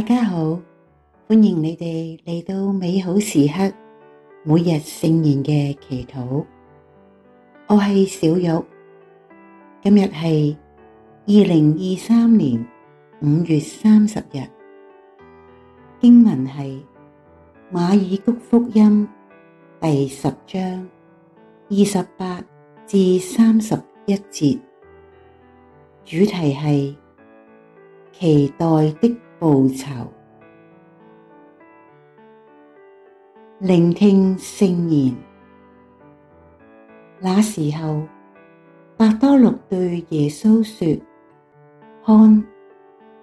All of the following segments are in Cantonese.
大家好，歡迎你哋嚟到美好時刻每日聖言嘅祈禱。我係小玉，今日係二零二三年五月三十日，經文係馬爾谷福音第十章二十八至三十一節，主題係期待的。報酬。聆聽聖言。那時候，伯多祿對耶穌說：看，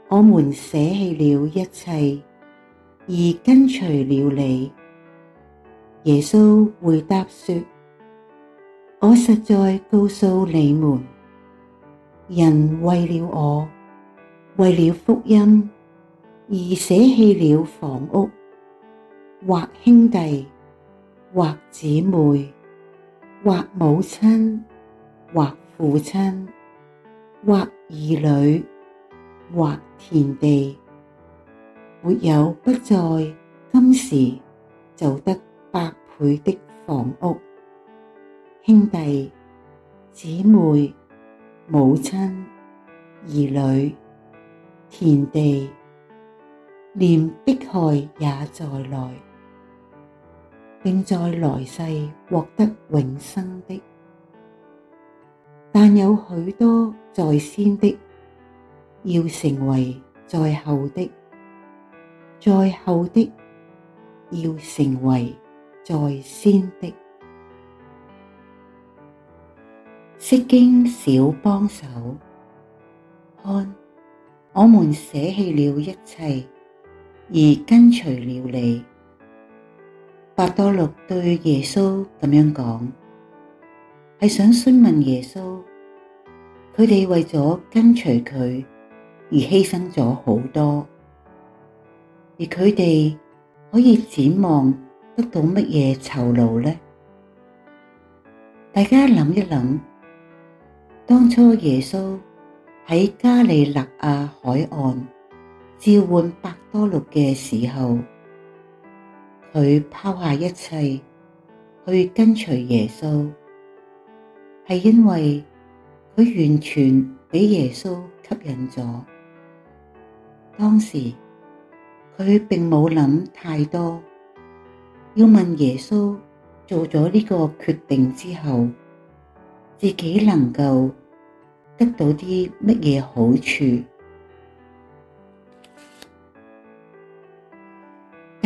我們捨棄了一切而跟隨了你。耶穌回答說：我實在告訴你們，人為了我，為了福音。而捨棄了房屋，或兄弟，或姊妹，或母親，或父親，或兒女，或田地，沒有不在今時就得百倍的房屋、兄弟、姊妹、母親、兒女、田地，連迫害也在內，並在來世獲得永生的。但有許多在先的，要成為在後的；在後的，要成為在先的。釋經小幫手，看，我們捨棄了一切。而跟隨了你，伯多祿對耶穌咁樣講，係想詢問耶穌，佢哋為咗跟隨佢而犧牲咗好多，而佢哋可以展望得到乜嘢酬勞呢？大家諗一諗，當初耶穌喺加里肋亞海岸。召喚伯多祿嘅時候，佢拋下一切去跟隨耶穌，係因為佢完全俾耶穌吸引咗。當時佢並冇諗太多，要問耶穌做咗呢個決定之後，自己能夠得到啲乜嘢好處。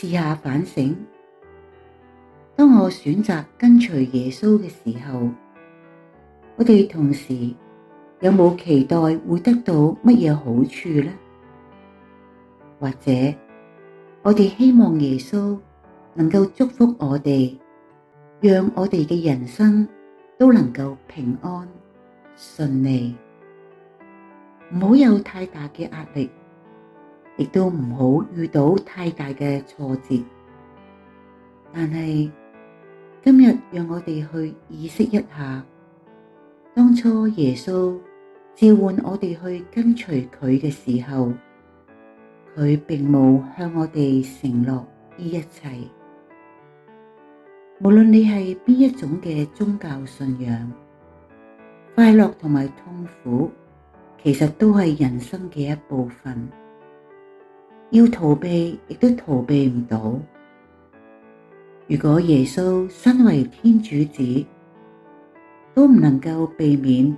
試下反省，當我選擇跟隨耶穌嘅時候，我哋同時有冇期待會得到乜嘢好處呢？或者我哋希望耶穌能夠祝福我哋，讓我哋嘅人生都能夠平安順利，唔好有太大嘅壓力。亦都唔好遇到太大嘅挫折，但係今日讓我哋去意識一下，當初耶穌召喚我哋去跟隨佢嘅時候，佢並冇向我哋承諾呢一切。無論你係邊一種嘅宗教信仰，快樂同埋痛苦其實都係人生嘅一部分。要逃避亦都逃避唔到。如果耶穌身為天主子，都唔能夠避免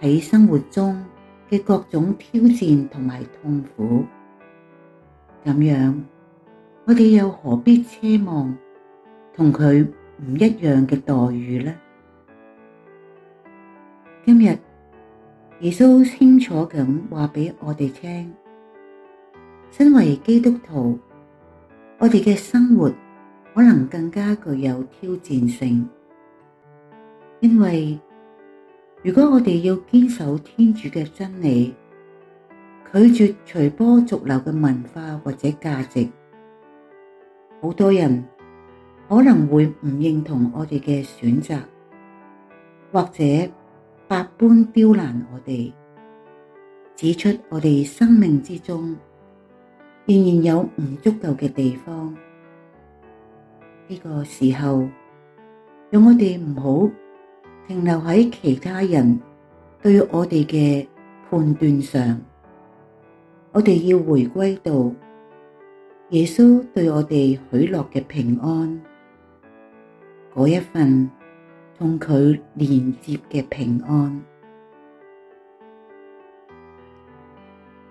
喺生活中嘅各種挑戰同埋痛苦，咁樣我哋又何必奢望同佢唔一樣嘅待遇呢？今日耶穌清楚咁話畀我哋聽。身為基督徒，我哋嘅生活可能更加具有挑戰性，因為如果我哋要堅守天主嘅真理，拒絕隨波逐流嘅文化或者價值，好多人可能會唔認同我哋嘅選擇，或者百般刁難我哋，指出我哋生命之中。仍然有唔足夠嘅地方，呢、這個時候，讓我哋唔好停留喺其他人對我哋嘅判斷上，我哋要回歸到耶穌對我哋許諾嘅平安，嗰一份同佢連接嘅平安，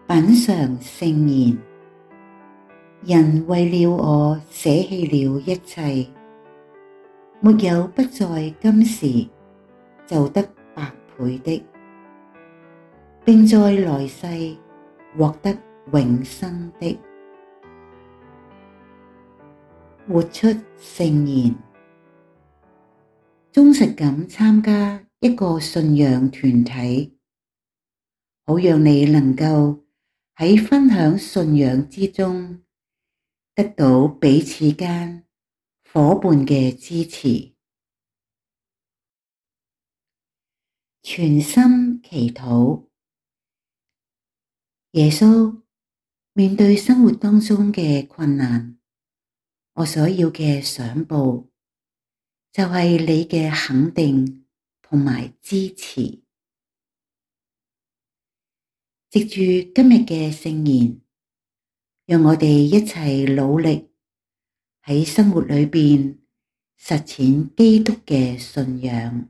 品嚐聖言。人為了我捨棄了一切，沒有不在今時就得百倍的。並在來世獲得永生的。活出聖言，忠實咁參加一個信仰團體，好讓你能夠喺分享信仰之中。得到彼此間夥伴嘅支持，全心祈禱。耶穌，面對生活當中嘅困難，我所要嘅賞報就係、是、你嘅肯定同埋支持。藉住今日嘅聖言。讓我哋一齊努力喺生活裏邊實踐基督嘅信仰。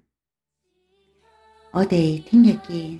我哋聽日見。